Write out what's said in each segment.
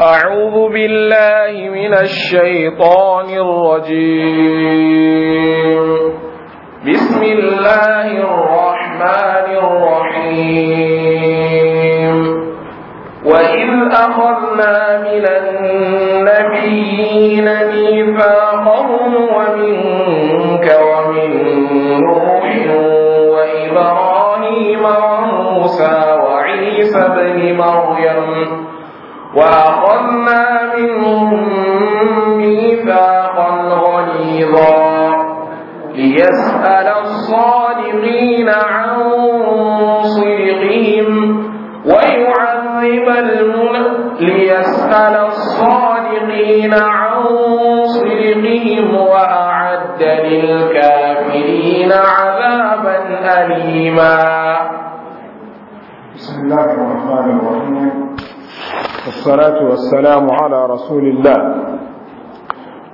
أعوذ بالله من الشيطان الرجيم بسم الله الرحمن الرحيم وإذ أخذنا من النبيين ميثاقهم ومنك ومن نوح وإبراهيم وموسى وعيسى بن مريم وأخذنا منهم ميثاقا غليظا ليسأل الصادقين عن صدقهم ويعذب المنافقين ليسأل الصادقين عن صدقهم وأعد للكافرين عذابا أليما بسم الله الرحمن الرحيم والصلاة والسلام على رسول الله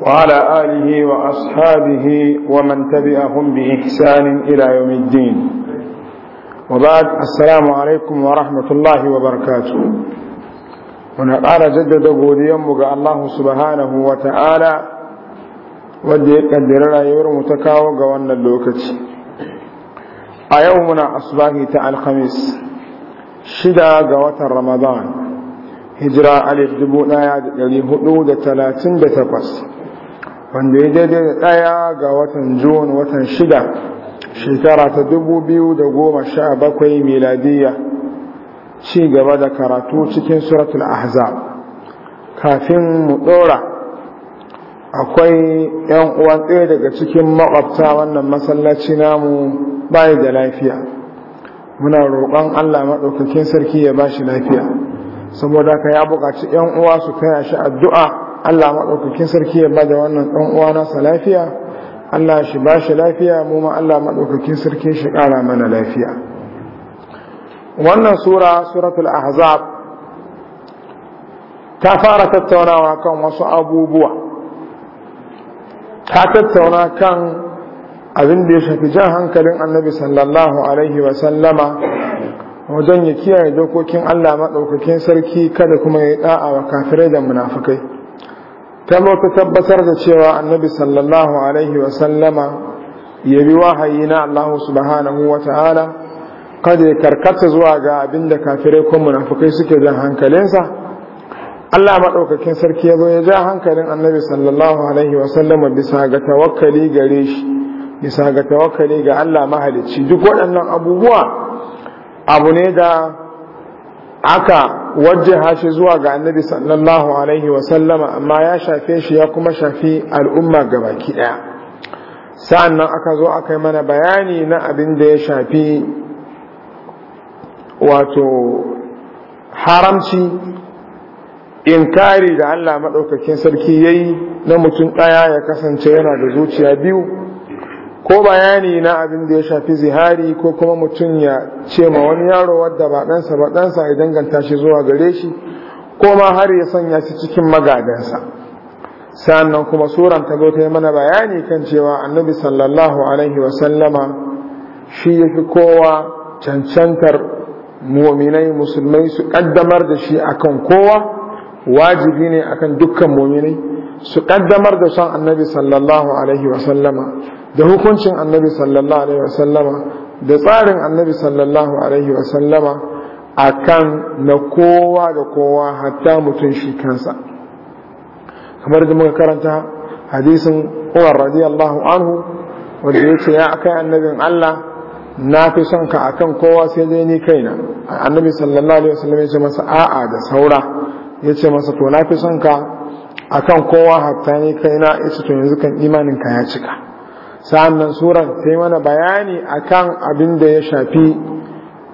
وعلى آله وأصحابه ومن تبعهم بإحسان إلى يوم الدين وبعد السلام عليكم ورحمة الله وبركاته قال جدد بوديمك الله سبحانه وتعالى ودي قدر لا rayuwarmu ta kawo اللوكت أيومنا أصباحي تعالى الخميس شدا قوة رمضان hijira alif dubu daya da dari hudu da talatin da takwas wanda ya daidai da daya ga watan Jun watan shida shekara ta dubu biyu da goma sha bakwai miladiyya ci gaba da karatu cikin suratul ahza kafin mu dora akwai yan uwan ɗaya daga cikin makwabta wannan masallaci namu bai da lafiya muna roƙon Allah maɗaukakin sarki ya ba shi lafiya saboda ka ya buƙaci yan uwa su kai shi addu'a Allah maɗaukakin sarki ya bada wannan ɗan uwa nasa lafiya Allah shi ba shi lafiya mu ma Allah maɗaukakin sarki shi ƙara mana lafiya wannan sura suratul ahzab ta fara tattaunawa kan wasu abubuwa ta tattauna kan abin da ya shafi jan hankalin annabi sallallahu alaihi wa sallama wajen ya kiyaye dokokin Allah maɗaukakin sarki kada kuma ya da'a wa kafirai da munafukai ta ta tabbatar da cewa annabi sallallahu alaihi wa sallama ya bi wahayi na Allah subhanahu wa ta'ala kada ya karkata zuwa ga abin da kafirai ko munafukai suke zan hankalinsa Allah maɗaukakin sarki ya zo ya ja hankalin annabi sallallahu alaihi wa sallama bisa ga tawakkali gare shi bisa ga tawakkali ga Allah mahalicci duk waɗannan abubuwa abu ne da aka wajen hashe zuwa ga annabi sallallahu alaihi wasallama amma ya shafe shi ya kuma shafi al'umma gabaki daya sa'an nan aka zo aka yi mana bayani na abin da ya shafi wato haramci inkari da allah maɗaukakin sarki ya yi na mutum ɗaya ya kasance yana da zuciya biyu ko bayani na abin da ya shafi zihari ko kuma mutum ya ce ma wani yaro wadda ba ɗansa ba ɗansa ya danganta shi zuwa gare shi ko ma har ya sanya shi cikin magadansa sannan kuma suran ta zo ta yi mana bayani kan cewa annabi sallallahu alaihi wasallama shi ya fi kowa cancantar muminai musulmai su ƙaddamar da shi a kan kowa wajibi ne a kan dukkan muminai su ƙaddamar da son annabi sallallahu alaihi wasallama da hukuncin annabi sallallahu alaihi wasallama da tsarin annabi sallallahu alaihi wasallama akan na kowa da kowa hatta mutum shi kansa kamar da muka karanta hadisin Umar radiyallahu anhu wanda yake ya kai annabin Allah na fi son ka akan kowa sai dai ni kaina annabi sallallahu alaihi wasallam ya ce masa a'a da saura ya ce masa to na fi son ka akan kowa hatta ni kaina ya to yanzu kan imanin ka ya cika sa'annan suran sai mana bayani akan abin da ya shafi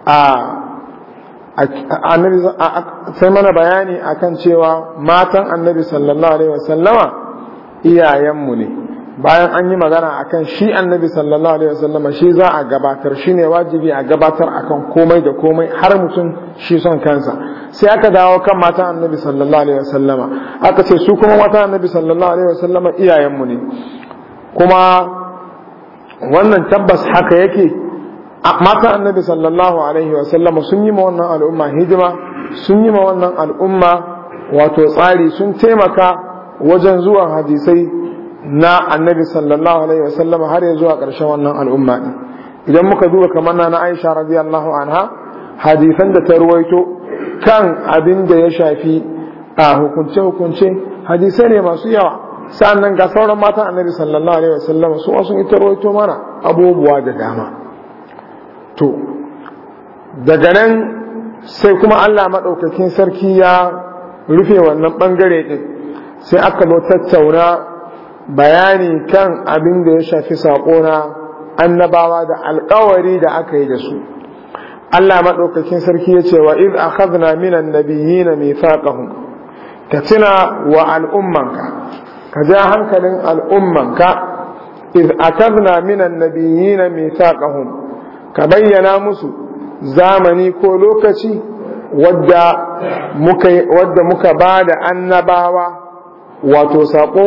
a sai mana bayani akan cewa matan annabi sallallahu alaihi wasallama iyayenmu ne bayan an yi magana akan shi annabi sallallahu alaihi wasallama shi za a gabatar shi ne wajibi a gabatar akan komai da komai har mutum shi son kansa sai aka dawo kan matan annabi sallallahu alaihi wasallama aka ce su kuma matan annabi sallallahu alaihi wasallama iyayenmu ne kuma wannan tabbas haka yake mata annabi sallallahu alaihi wasallama sun yi ma wannan al'umma hijima sun yi ma wannan al'umma wato tsari sun taimaka wajen zuwan hadisai na annabi sallallahu alaihi wasallama har ya zuwa ƙarshen wannan al'umma idan muka duba kamar na aisha radiyallahu anha hadisan da ta ruwaito kan abin da ya shafi a hukunce-hukunce hadisai ne masu yawa sa'annan ga sauran matan annabi sallallahu alaihi wasallam su wasu ita rawaito mana abubuwa da dama to daga nan sai kuma Allah madaukakin sarki ya rufe wannan bangare din sai aka zo tattauna bayani kan abin da ya shafi saƙo na annabawa da alƙawari da aka yi da su Allah maɗaukakin sarki ya ce wa iz akhadna minan nabiyina mithaqahum ka tuna wa al'ummanka ka ja hankalin al'ummanka iz akazna minan nabiyina mithaqahum ka bayyana musu zamani ko lokaci wadda muka ba da annabawa wato sako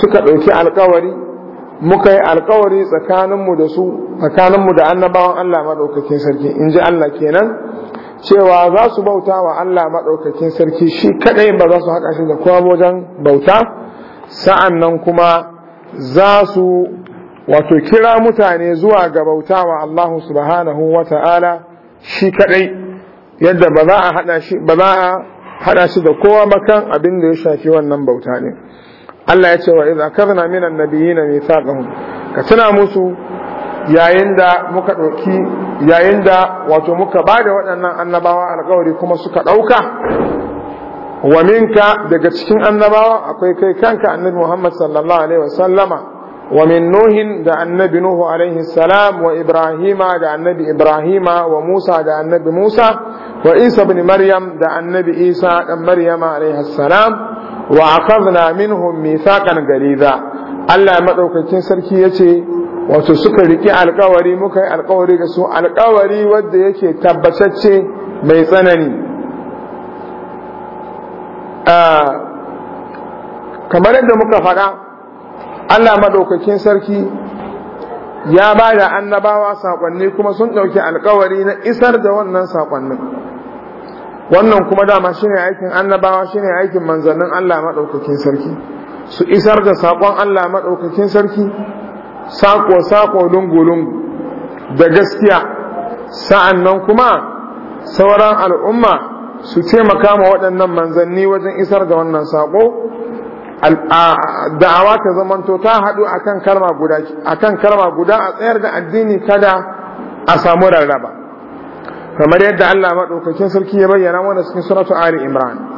suka ɗauki alkawari muka yi alkawari tsakaninmu da su tsakaninmu da annabawan Allah Maɗaukakin sarki in ji Allah kenan cewa za su bauta wa Allah maɗaukakin sarki shi kaɗai ba za su haƙa shi da kuma wajen bauta sa'an nan kuma za su wato kira mutane zuwa ga wa Allah subhanahu wa ta'ala shi kaɗai yadda ba za a haɗa shi da kowa makan abin da ya shafi wannan bauta ne Allah ya ce wa iza na minan na nabiyina mithaqahum ka tuna musu yayin da muka ɗauki yayin da wato muka ba da waɗannan annabawa alƙawari kuma suka ɗauka wa minka daga cikin annabawa akwai kai kanka annabi Muhammad sallallahu alaihi wa sallama wa min nuhin da annabi nuhu alaihi salam wa ibrahima da annabi ibrahima wa musa da annabi musa wa isa ibn maryam da annabi isa dan maryam alaihi salam wa aqadna minhum mithaqan galiza Allah madaukakin sarki yace wato suka riki alkawari muka yi alkawari da su alkawari wanda yake tabbatacce mai tsanani Ah, kamar yadda muka faɗa Allah madaukakin sarki ya ba da annabawa saƙonni kuma sun ɗauki alkawari na isar da wannan saƙonni. wannan kuma dama shine aikin annabawa shine aikin manzannin Allah maɗaukakin sarki su isar da saƙon Allah maɗaukakin sarki saƙo-saƙo lungu-lungu da gaskiya sa'annan kuma sauran al'umma su taimaka ma waɗannan manzanni wajen isar da wannan saƙo da'awa ta zamanto ta haɗu akan kalma guda akan kalma guda a tsayar da addini kada a samu rarraba kamar yadda Allah maɗaukakin sarki ya bayyana mana cikin suratu Ali Imran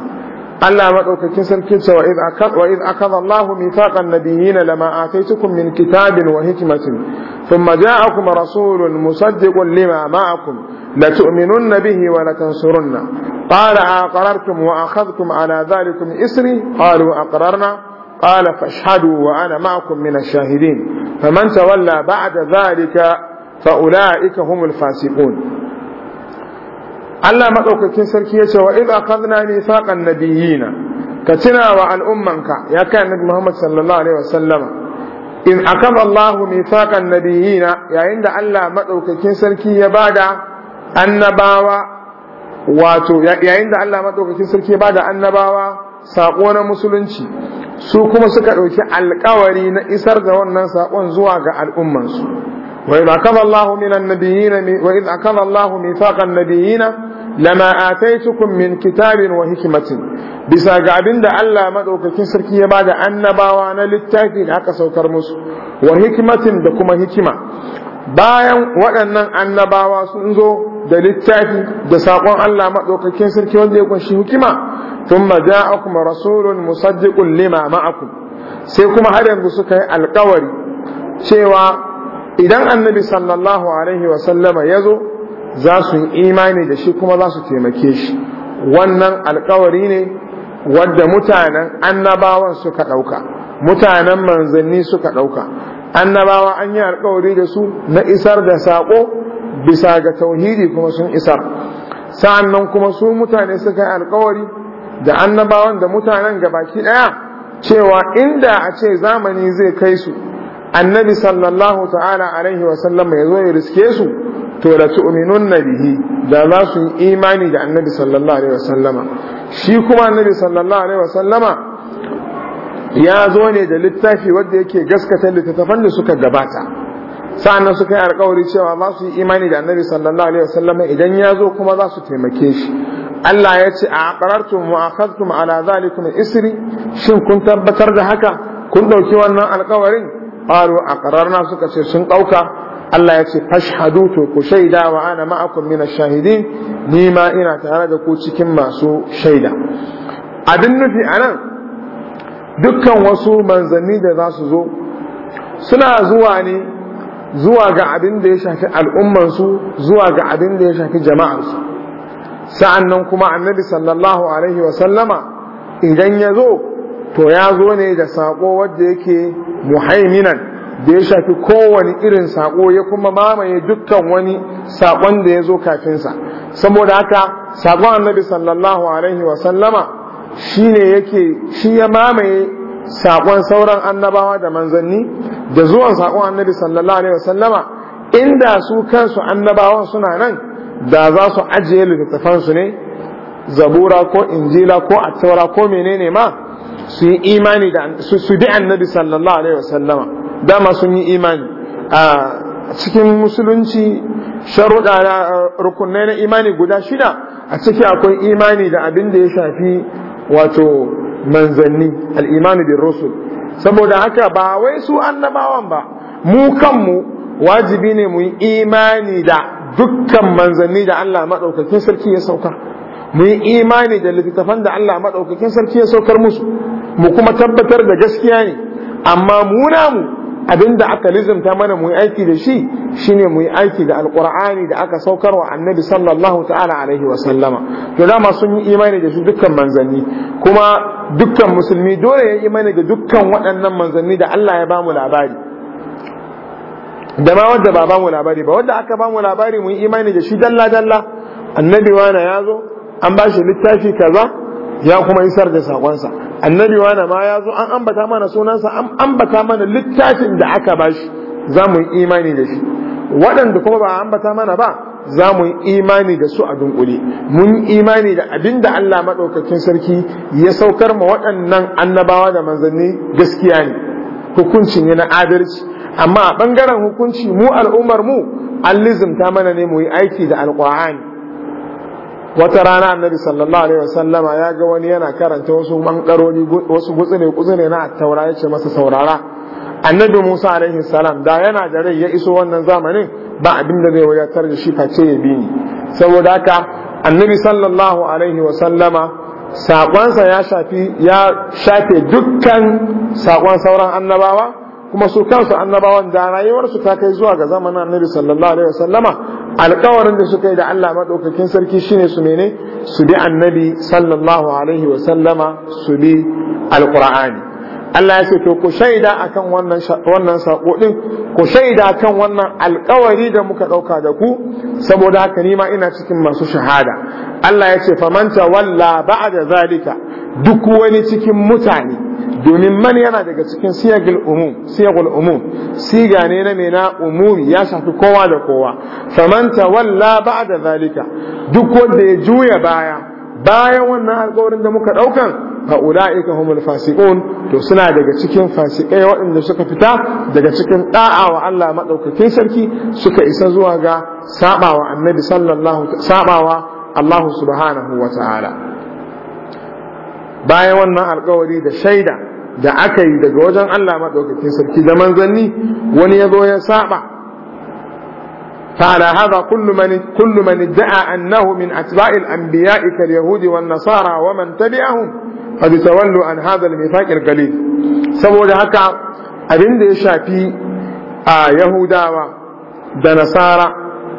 ألا ما دوك كنسن وإذ واذا اخذ واذا الله ميثاق النبيين لما اتيتكم من كتاب وحكمه ثم جاءكم رسول مصدق لما معكم لتؤمنن به ولتنصرن قال اقررتم واخذتم على ذلكم اسري قالوا اقررنا قال فاشهدوا وانا معكم من الشاهدين فمن تولى بعد ذلك فاولئك هم الفاسقون Allah maɗaukakin sarki ya ce wa idh akhadna mithaqan nabiyina ka tuna wa al'ummanka ya kai annabi Muhammad sallallahu alaihi wasallama in akaba Allah mithaqan nabiyina yayin da Allah maɗaukakin sarki ya bada annabawa wato yayin da Allah maɗaukakin sarki ya bada annabawa saƙo na musulunci su kuma suka ɗauki alƙawari na isar da wannan saƙon zuwa ga al'ummansu وإذ أخذ الله من النبيين وإذ أخذ الله ميثاق النبيين لما آتيتكم من كتاب وحكمة بسا قابل دا ألا مدعوك كسركية بعد أن باوانا للتاكيد هكا سوكر مسو وحكمة دا حكمة bayan waɗannan annabawa sun zo da littafi da saƙon Allah maɗaukakin sarki wanda ya ƙunshi hikima, tun ma ja'akum rasulun musaddiqun lima ma'akum sai kuma har yanzu suka yi alƙawari cewa idan annabi sallallahu alaihi wasallama ya zo za su yi imani da shi kuma za su taimake shi wannan alkawari ne wadda mutanen annabawan suka ɗauka mutanen manzanni suka ɗauka annabawa an yi alkawari da su na isar da saƙo bisa ga tauhidi kuma sun isar sa'annan kuma su mutane suka yi alkawari da annabawan da mutanen gabaki ɗaya cewa inda a ce zamani zai kai su annabi sallallahu ta'ala alaihi wa sallam ya zo ya riske su to la tu'minun bihi da za su yi imani da annabi sallallahu alaihi wa sallama shi kuma annabi sallallahu alaihi wa sallama ya zo ne da littafi wanda yake gaskata littattafan da suka gabata sa'annan suka yi alƙawari cewa za su yi imani da annabi sallallahu alaihi sallama. idan ya zo kuma za su taimake shi Allah ya ce a aqrartum wa akhadtum ala zalikum isri shin kun tabbatar da haka kun dauki wannan alƙawarin? qalu aqrarna suka ce sun dauka Allah ya ce fashhadu to ku shaida wa ana ma'akum min ash-shahidin ni ma ina tare da ku cikin masu shaida abin nufi anan dukkan wasu manzanni da za su zo suna zuwa ne zuwa ga abin da ya shafi al'ummansu zuwa ga abin da ya shafi jama'arsu sa'an nan kuma annabi sallallahu alaihi sallama idan ya zo to ya zo ne da sako wadda yake muhaiminan da ya shafi kowane irin sako ya kuma mamaye dukkan wani sakon da ya zo kafinsa saboda haka sakon annabi sallallahu alaihi wa sallama shine yake shi ya mamaye sakon sauran annabawa da manzanni da zuwan sakon annabi sallallahu alaihi wa inda su kansu annabawan suna nan da za su ajiye littattafansu ne zabura ko injila ko attaura ko menene ma su yi imani da su bi annabi sallallahu alaihi wasallama dama sun yi imani a cikin musulunci sharuɗa da rukunai na imani guda shida a ciki akwai imani da abin da ya shafi wato manzanni al'imani bin rusul saboda haka ba wai su annabawan ba mu kanmu wajibi ne mu yi imani da dukkan manzanni da Allah maɗaukakin sarki ya sauka mu yi imani da littattafan da Allah maɗaukakin sarki ya saukar musu mu kuma tabbatar da gaskiya ne amma mu abinda aka lizimta mana mu yi aiki da shi shine mu yi aiki da alqur'ani da aka saukar wa annabi sallallahu ta'ala alaihi wa sallama to dama sun yi imani da shi dukkan manzanni kuma dukkan musulmi dole ya yi imani da dukkan waɗannan manzanni da Allah ya bamu labari da ma wadda ba bamu labari ba wadda aka bamu labari mu yi imani da shi dalla dalla annabi wana ya zo an ba shi littafi kaza ya kuma isar da sakonsa annabi wani ma ya zo an ambata mana sunansa an ambata mana littafin da aka ba shi za mu yi imani da shi waɗanda kuma ba a ambata mana ba za mu yi imani da su a dunkule mun yi imani da abin da Allah maɗaukakin sarki ya saukar ma waɗannan annabawa da manzanni gaskiya ne hukuncin na adalci amma a ɓangaren hukunci mu al'ummar mu an lizimta mana ne mu yi aiki da alƙur'ani wata rana annabi sallallahu alaihi wasallama ya ga wani yana karanta wasu mankaroni wasu gutsune gutsune na taura yace masa saurara annabi musa alaihi salam da yana da rai ya iso wannan zamanin ba abin da zai wadatar da shi face ya bi ni saboda haka annabi sallallahu alaihi wasallama saƙonsa ya shafi ya shafe dukkan sakon sauran annabawa kuma su kansu annabawan da rayuwarsu ta kai zuwa ga zamanin annabi sallallahu alaihi wasallama Alƙawarin da suka yi da Allah madaukakin sarki shine su mene su bi annabi sallallahu alaihi wasallama su bi alqur'ani Allah ya ce to ku shaida akan wannan wannan sako din ku shaida akan wannan alƙawari da muka ɗauka da ku saboda haka ni ina cikin masu shahada Allah ya ce faman tawalla ba'da zalika duk wani cikin mutane domin man yana daga cikin siyagul umum siyagul umum siga ne na mena umumi ya shafi kowa da kowa faman walla ba'da zalika duk wanda ya juya baya bayan wannan alƙawarin da muka daukan fa ulaika humul fasiqun to suna daga cikin fasikai waɗanda suka fita daga cikin da'a wa Allah madaukakin sarki suka isa zuwa ga sabawa annabi sallallahu sabawa Allah subhanahu wa ta'ala bayan wannan alkawari da shaida da aka yi daga wajen Allah maɗaukakin sarki da manzanni wani ya zo ya saba فعلى هذا كل من كل من ادعى انه من اتباع الانبياء كاليهود والنصارى ومن تبعهم قد تولوا عن هذا الميثاق القليل saboda haka abin da ya shafi a yahudawa da nasara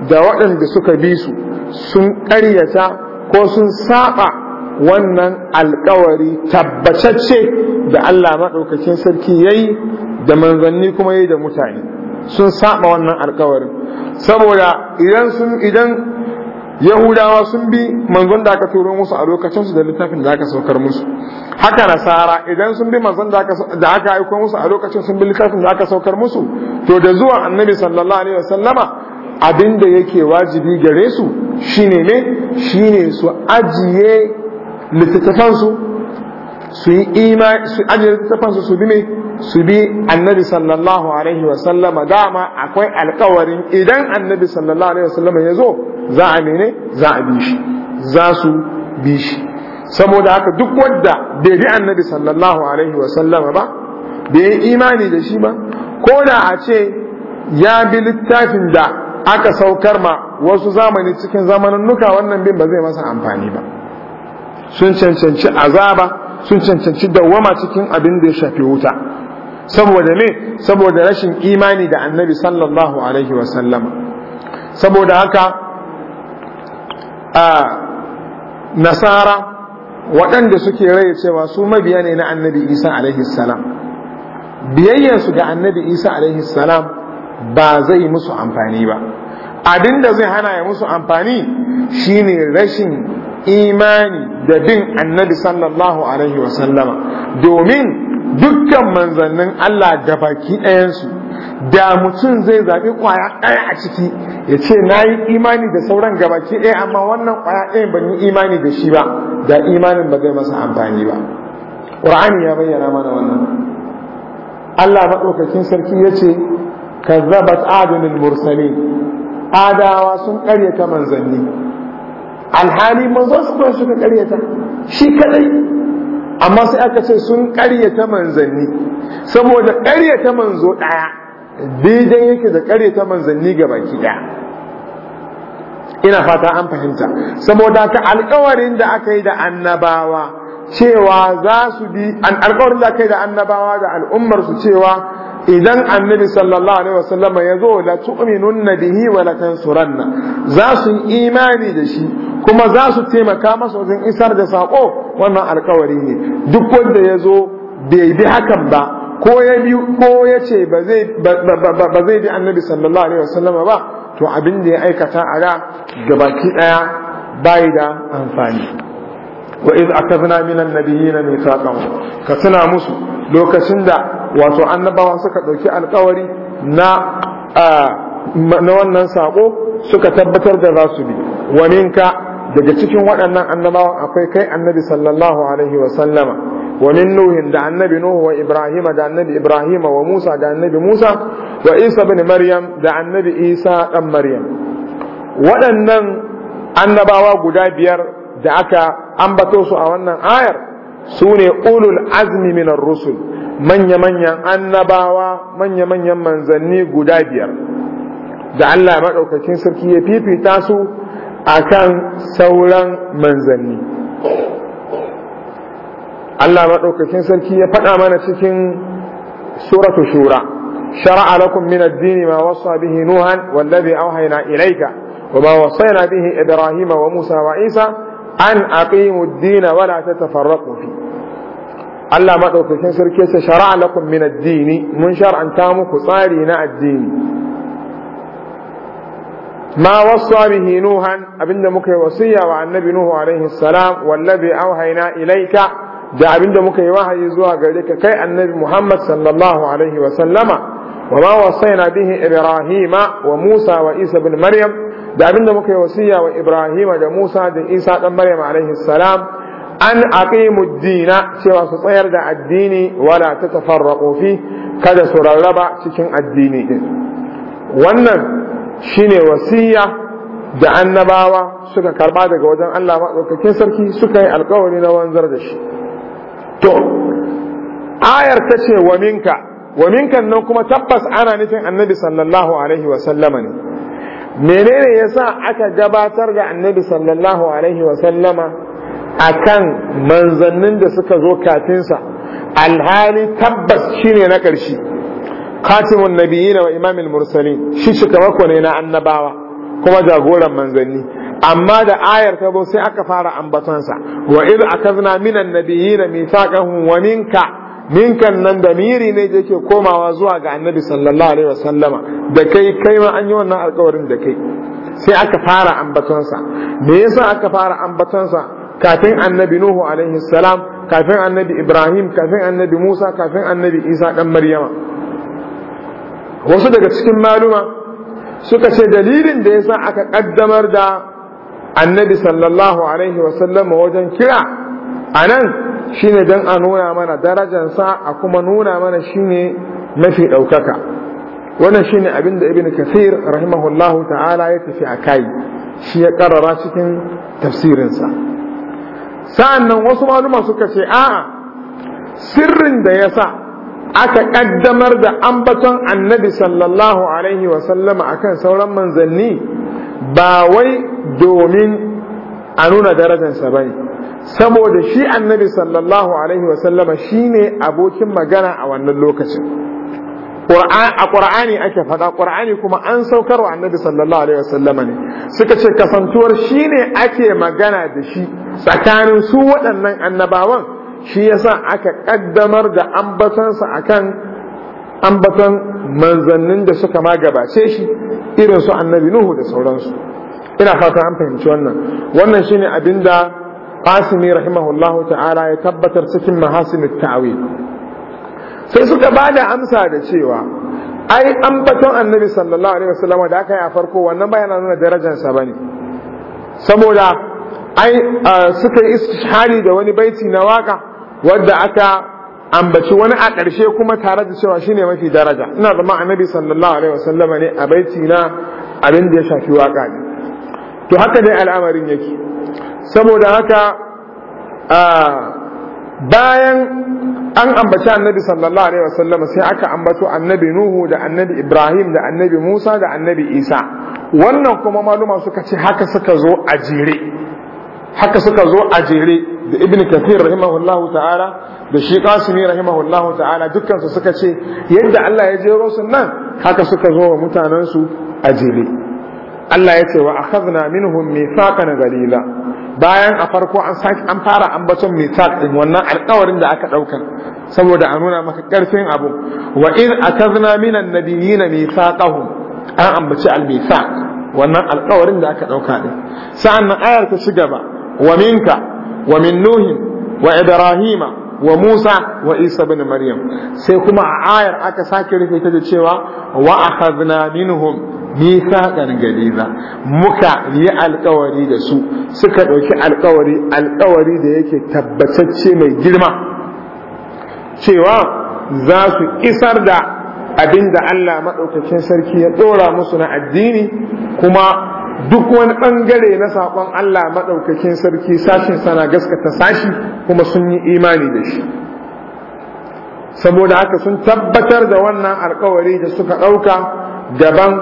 da waɗanda suka bi su sun ƙaryata ko sun saɓa. wannan alkawari tabbatacce da Allah maɗaukakin sarki ya yi da manzanni kuma ya yi da mutane sun saba wannan alkawarin saboda idan sun idan yahudawa sun bi manzon da aka turo musu a lokacin su da littafin da aka saukar musu haka nasara idan sun bi manzon da aka da aka aiko musu a lokacin sun bi littafin da aka saukar musu to da zuwa annabi sallallahu alaihi wasallama abinda yake wajibi gare su shine ne shine su ajiye littattafansu su yi imani su ajiye littattafansu su bi me su bi annabi sallallahu alaihi wa sallama dama akwai alkawarin idan annabi sallallahu alaihi wa sallama ya zo za a mene za a bi shi za su bi shi saboda haka duk wadda bai bi annabi sallallahu alaihi wa sallama ba bai yi imani da shi ba ko da a ce ya bi littafin da aka saukar ma wasu zamani cikin zamanin nuka wannan bin ba zai masa amfani ba sun cancanci azaba sun cancanci dawwama cikin abin da ya shafi wuta saboda me saboda rashin imani da annabi sallallahu alaihi wa sallama saboda haka a nasara waɗanda suke raye cewa su mabiya ne na annabi isa alaihi salam biyayyarsu ga annabi isa alaihi salam ba zai musu amfani ba abinda zai hana ya musu amfani shine rashin imani da bin annabi sallallahu alaihi wasallama domin dukkan manzannin Allah da baki ɗayansu da mutum zai zaɓi ƙwaya ɗaya a ciki ya ce na yi imani da sauran gabaki ɗaya amma wannan ƙwaya ɗaya ban yi imani da shi ba da imanin ba zai masa amfani ba ƙur'ani ya bayyana mana wannan Allah maɗaukakin sarki ya ce kazzabat adunul mursali adawa sun ƙaryata manzanni alhali manzon su kuma suka karyata shi kadai amma sai aka ce sun karyata manzanni saboda karyata manzo daya daidai yake da karyata manzanni ga baki daya ina fata an fahimta saboda ka alkawarin da aka yi da annabawa cewa za su bi alƙawarin alkawarin da aka yi da annabawa da al'ummar su cewa idan annabi sallallahu alaihi wasallam ya zo la tu'minunna bihi wa la tansuranna za su imani da shi kuma za su taimaka masa wajen isar da sako wannan alkawari ne duk wanda ya zo bai bi hakan ba ko ya bi ko ya ce ba zai ba zai bi annabi sallallahu alaihi wasallam ba to abin da ya aikata a ga gabaki daya bai da amfani wa iz akazna minan nabiyina mithaqahum ka suna musu lokacin da wato annabawa suka dauki alkawari na na wannan sako suka tabbatar da za su bi wa daga cikin waɗannan annabawan akwai kai annabi sallallahu alaihi wa sallama wa min nuhin da annabi nuhu wa ibrahima da annabi ibrahima wa musa da annabi musa wa isa bin maryam da annabi isa dan maryam waɗannan annabawa guda biyar da aka ambato su a wannan ayar su ne ulul azmi minar rusul manya-manyan annabawa manya-manyan manzanni guda biyar da Allah maɗaukakin sarki ya fifita su a kan sauran manzanni Allah maɗaukakin sarki ya faɗa mana cikin suratu shura شرع لكم من الدين ما وصى به نوحا wa أوحينا إليك وما وصينا wa Musa wa Isa. an aqimu ad-din wa la tatafarraqu fi Allah madaukakin sarki sai shar'a lakum min mun shar'anta muku tsari na addini ما وصى به نوحا أبن مكي وصية وعن النبي نوح عليه السلام والذي أوحينا إليك da abin da muka yi wahayi zuwa gare ka kai annabi Muhammad sallallahu وما وصينا به إبراهيم وموسى وإيسى بن مريم da abin da muka yi wasiya wa Ibrahima da Musa da Isa dan Maryam alaihi salam an aqimu dina cewa su tsayar da addini wala tatafarraqu fi kada su rarraba cikin addini din wannan shine wasiya da annabawa suka karba daga wajen Allah madaukakin sarki suka yi alkawari na wanzar da shi to ayar ta ce wa minka wa minkan nan kuma tabbas ana nufin annabi sallallahu alaihi wa sallama ne menene yasa aka gabatar da annabi sallallahu alaihi wa sallama akan manzannin da suka zo kafin sa alhali tabbas shine na ƙarshe katimun nabiyyin wa imamul mursalin shi shikamako ne na annabawa kuma jagoran manzanni amma da ayar ta zo sai aka fara sa wa idh akazna minan nabiyyin mithaqahum wa minka minkan nan da miri ne da yake komawa zuwa ga annabi sallallahu alaihi wasallama da kai kai ma an yi wannan alkawarin da kai sai aka fara ambatonsa me yasa aka fara ambatonsa kafin annabi nuhu alaihi salam kafin annabi ibrahim kafin annabi musa kafin annabi isa dan maryama wasu daga cikin maluma suka ce dalilin da yasa aka kaddamar da annabi sallallahu alaihi wasallama wajen kira anan shine dan a nuna mana darajansa a kuma nuna mana shine mafi ɗaukaka wannan shine abin da ibn kasir rahimahullahu ta'ala ya tafi a kai shi ya karara cikin tafsirinsa sa'an nan wasu maluma suka ce a'a sirrin da ya sa aka ƙaddamar da ambaton annabi sallallahu alaihi wasallama akan sauran manzanni ba wai domin a nuna darajansa ba ne saboda shi annabi sallallahu alaihi wasallama shi ne abokin magana a wannan lokacin a ƙur'ani ake faɗa ƙur'ani kuma an saukar wa annabi sallallahu alaihi wasallama ne suka ce kasantuwar shi ne ake magana da shi tsakanin su waɗannan annabawan shi ya yasa aka ƙaddamar da ambatansa akan ambatan manzannin da suka ma gabace shi irinsu annabi nuhu da sauransu ina fata an fahimci wannan wannan shine abinda qasimi rahimahullahu ta'ala ya tabbatar cikin mahasin ta'wil sai suka bada amsa da cewa ai ambaton annabi sallallahu alaihi wasallam da aka yi a farko wannan ba yana nuna ba ne. saboda ai suka yi istishhari da wani baici na waka wanda aka ambaci wani a ƙarshe kuma tare da cewa shine mafi daraja ina zama annabi sallallahu alaihi wasallam ne a baici na abin da ya shafi waka ne to haka dai al'amarin yake saboda haka bayan an ambaci annabi sallallahu alaihi wasallam sai aka ambato annabi nuhu da annabi ibrahim da annabi musa da annabi isa wannan kuma maluma suka ce haka suka zo a jere haka suka zo a jere da ibn kathir rahimahullahu ta'ala da shi qasimi rahimahullahu ta'ala dukkan su suka ce yadda Allah ya jero su nan haka suka zo wa mutanen su a jere Allah ya ce wa akhadna minhum mithaqan galila bayan a farko an sake an fara ambaton mitak din wannan alƙawarin da aka ɗauka saboda a nuna maka ƙarfin abu wa in akazna minan nabiyina mithaqahum an ambaci al wannan alƙawarin da aka ɗauka din sa'annan ayar ta ci gaba wa minka wa min nuhin wa ibrahima wa Musa wa Isa bin Maryam sai kuma a ayar aka sake rufe ta da cewa wa akhadna minhum mithaqan galiza muka yi alkawari da su suka dauki alkawari alkawari da yake tabbatacce mai girma cewa za su isar da abinda Allah madaukakin sarki ya ɗora musu na addini kuma duk wani ɓangare na saƙon Allah madaukakin sarki sashin sana gaskata sashi kuma sun yi imani da shi saboda haka sun tabbatar da wannan alkawari da suka ɗauka gaban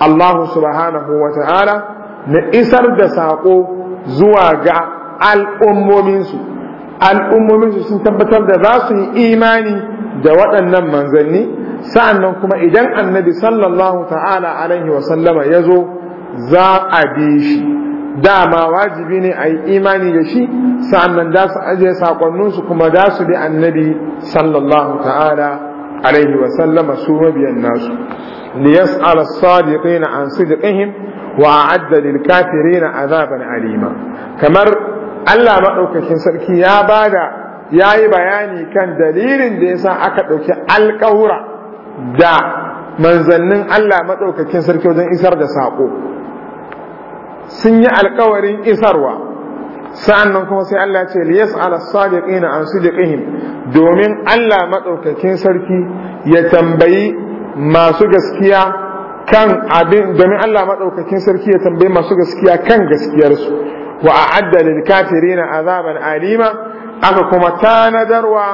Allah subhanahu wa na isar da saƙo zuwa ga al'ummominsu al'ummominsu sun tabbatar da za su yi imani da waɗannan manzanni sa'annan kuma idan annabi sallallahu ta'ala alaihi wasallama ya zo za a bi shi dama wajibi ne a yi imani da shi sa'annan da su ajiye sakonninsu kuma da su bi annabi sallallahu ta'ala alaihi wa sallama su mabiyan nasu li yas'ala as-sadiqina an sidqihim wa a'adda lil kafirina azaban alima kamar Allah madaukakin sarki ya bada yayi bayani kan dalilin da yasa aka dauki alƙawura da manzannin Allah madaukakin sarki wajen isar da sako sun yi alkawarin isarwa sa'an nan kuma sai Allah ce liyas ala sadiqina an sidiqihim domin Allah madaukakin sarki ya tambayi masu gaskiya kan abin domin Allah madaukakin sarki ya tambayi masu gaskiya kan gaskiyarsu wa a a'adda kafiri na azaban alima aka kuma tanadarwa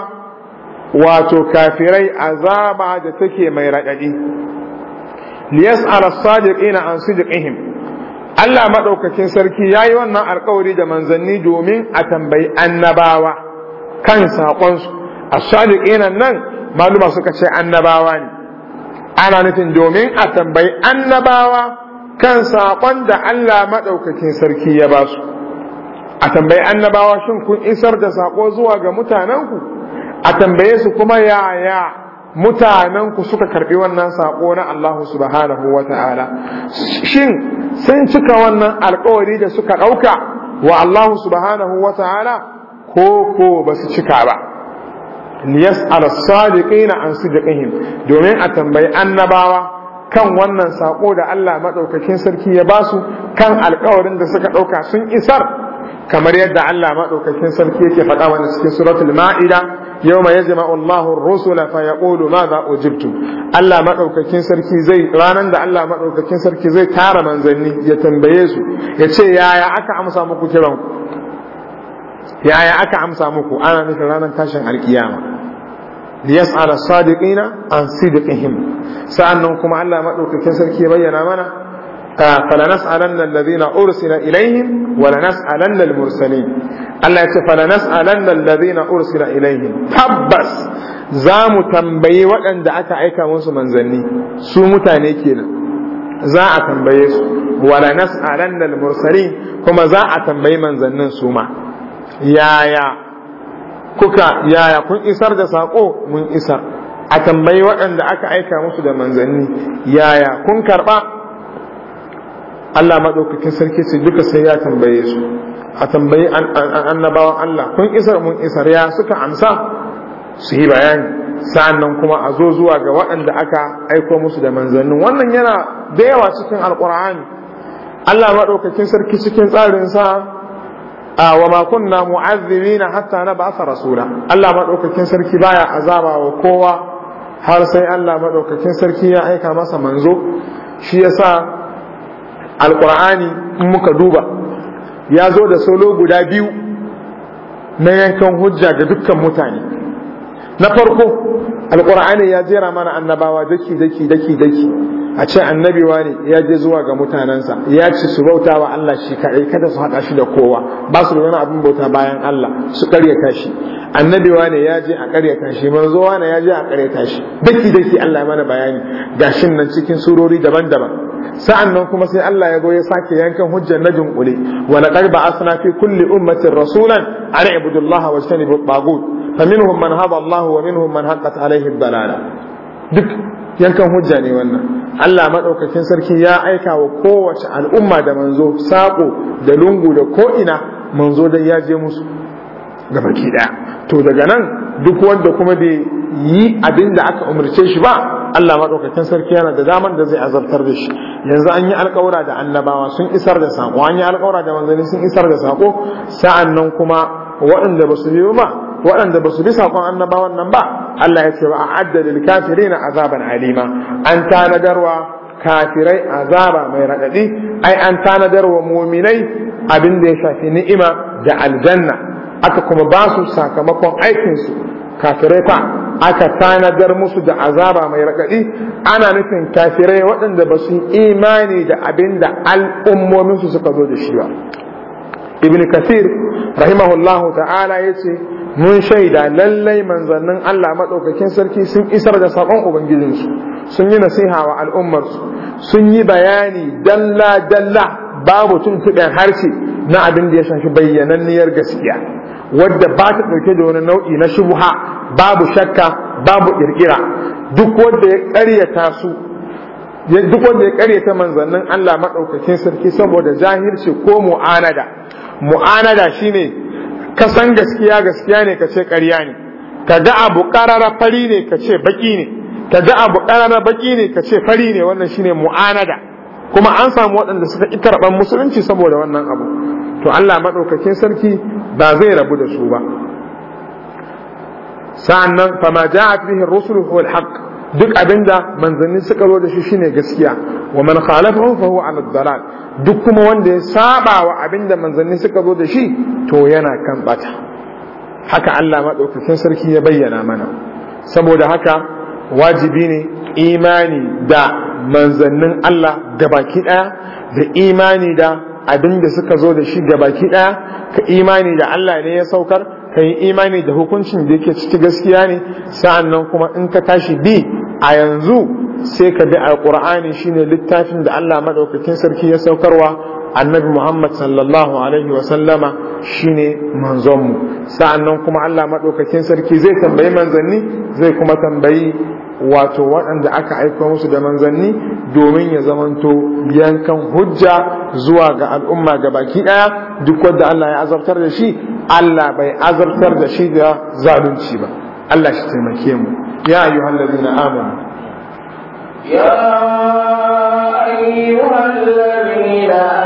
wato kafirai azaba da take mai raɗaɗi liyas ala sadiqina an sidiqihim Allah maɗaukakin sarki ya yi wannan alkawari da manzanni domin a tambayi annabawa kan saƙonsu a sadiƙinan nan maluma suka ce annabawa ne ana nufin domin a tambayi annabawa kan saƙon da Allah maɗaukakin sarki ya ba su a tambayi annabawa shin kun isar da saƙo zuwa ga mutanenku a tambaye su kuma yaya mutanenku suka karbi wannan sako na Allah subhanahu shin sun cika wannan alkawari da suka ɗauka wa Allah subhanahu wa ta'ala ko ko ba cika ba liyas'ala sadiqina an sidqihim domin a tambayi annabawa kan wannan sako da Allah maɗaukakin sarki ya basu kan alkawarin da suka ɗauka sun isar kamar yadda Allah maɗaukakin sarki yake faɗa wani cikin suratul ma'ida yawma yajma'u Allahu ar-rusula fa yaqulu madha ujibtum Allah madaukakin sarki zai ranan da Allah madaukakin sarki zai tara manzanni ya tambaye su ya ce yaya aka amsa muku kiran yaya aka amsa muku ana nufin ranan tashin alkiyama liyas'ala as-sadiqina an sidqihim sa'annan kuma Allah madaukakin sarki ya bayyana mana فلنسألن الذين أرسل إليهم ولنسألن المرسلين Allah ya ce falanas alanda ladina ursila ilaihim tabbas za mu tambayi waɗanda aka aika musu manzanni su mutane kenan za a tambaye su walanas alanda mursalin kuma za a tambayi manzannin su ma yaya kuka yaya kun isar da sako mun isar a tambayi waɗanda aka aika musu da manzanni yaya kun karɓa Allah maɗaukakin sarki su duka sai ya tambaye su a tambayi annabawan Allah kun isar mun isar ya suka amsa su yi bayani sa'annan kuma a zo zuwa ga waɗanda aka aiko musu da manzannin wannan yana da yawa cikin alƙur'ani Allah maɗaukakin sarki cikin tsarinsa a wa ma kunna mu'azzibina hatta na basa rasula Allah maɗaukakin sarki baya azaba wa kowa har sai Allah maɗaukakin sarki ya aika masa manzo shi yasa alkur'ani in muka duba ya zo da solo guda biyu na yankan hujja ga dukkan mutane na farko alkur'ani ya jera mana annabawa daki daki daki daki a ce annabi wani ya je zuwa ga mutanensa ya ce su bauta wa Allah shi kaɗai kada su haɗa shi da kowa ba su da wani abin bauta bayan Allah su ƙaryata shi annabi wani ya je a ƙaryata shi manzo wani ya je a ƙaryata shi daki daki Allah ya mana bayani gashin nan cikin surori daban-daban sa'an nan kuma sai Allah ya goye sake yankan hujjar na jinƙule, wa laqad ba'athna fi kulli ummatin rasulan an ibudu Allah wa jtanibu at Fa faminhum man hada Allah wa minhum man haqqat alayhi ad dalala duk yankan hujja ne wannan Allah maɗaukakin sarki ya aika wa kowace al'umma da manzo saƙo da lungu da ko'ina manzo dai ya je musu ga baki ɗaya to daga nan duk wanda kuma bai yi abin da aka umarce shi ba Allah maɗaukakin sarki yana da daman da zai azabtar da shi yanzu an yi alƙawura da annabawa sun isar da saƙo an yi alƙawura da manzanni sun isar da sako sa'an nan kuma waɗanda ba su biyo ba waɗanda ba su bi saƙon annabawan nan ba Allah ya ce ba a addadil kafirina azaban alima an tanadarwa kafirai azaba mai raɗaɗi ai an tanadar wa muminai abin da ya shafi ni'ima da aljanna aka kuma ba su sakamakon aikinsu kafirai fa aka tanadar musu da azaba mai raɗaɗi ana nufin kafirai waɗanda ba su imani da abin da al'ummominsu suka zo da shi ba ibn kasir rahimahullahu ta'ala yace mun shaida lallai manzannin Allah madaukakin sarki sun isar da sakon ubangijinsu sun yi nasiha wa al'ummarsu sun yi bayani dalla dalla babu tuntuɓen harshe na abin da ya shafi bayyananniyar gaskiya wadda ba ta ɗauke da wani nau'i na shubuha babu shakka babu ƙirƙira duk wanda ya ƙaryata su duk wanda ya ƙaryata manzannin Allah maɗaukakin sarki saboda jahilci ko mu'anada mu'anada shine ka san gaskiya gaskiya ne ka ce ƙarya ne ka ga abu ƙarara fari ne ka ce baƙi ne ka ga abu ƙarara baƙi ne ka ce fari ne wannan ne mu'anada kuma an samu waɗanda suka ƙi karɓar musulunci saboda wannan abu to Allah maɗaukakin sarki ba zai rabu da su ba sa'annan fa ma ja'at bihi ar huwa al-haq duk abinda manzanni suka zo da shi shine gaskiya wa man khalafahu fa huwa ala dalal duk kuma wanda ya saba wa abinda manzanni suka zo da shi to yana kan bata haka Allah madaukakin sarki ya bayyana mana saboda haka wajibi ne imani da manzannin Allah baki ɗaya, da imani da abinda suka zo da shi gabaki daya ka imani da Allah ne ya saukar ka yi imani da hukuncin da yake ciki gaskiya ne sa'an kuma in ka tashi bi a yanzu sai ka bi Alƙur'ani shine littafin da Allah madaukakin sarki ya saukarwa annabi Muhammad sallallahu alaihi wa sallama shine manzon mu sa'annan kuma Allah madaukakin sarki zai tambayi manzanni zai kuma tambayi wato waɗanda aka aiko musu da manzanni domin ya zamanto yankan hujja zuwa ga al'umma ga baki ɗaya duk wanda Allah ya azabtar da shi Allah bai azabtar da shi da zalunci ba Allah shi taimake mu يا أيها الذين آمنوا يا أيها الذين آمنوا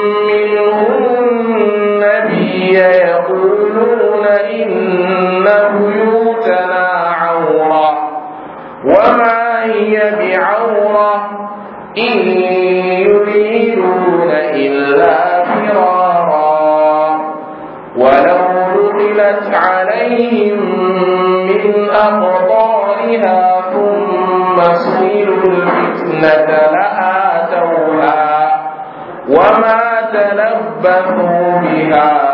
أقطارها ثم سئلوا الفتنة لآتوها وما تلبثوا بها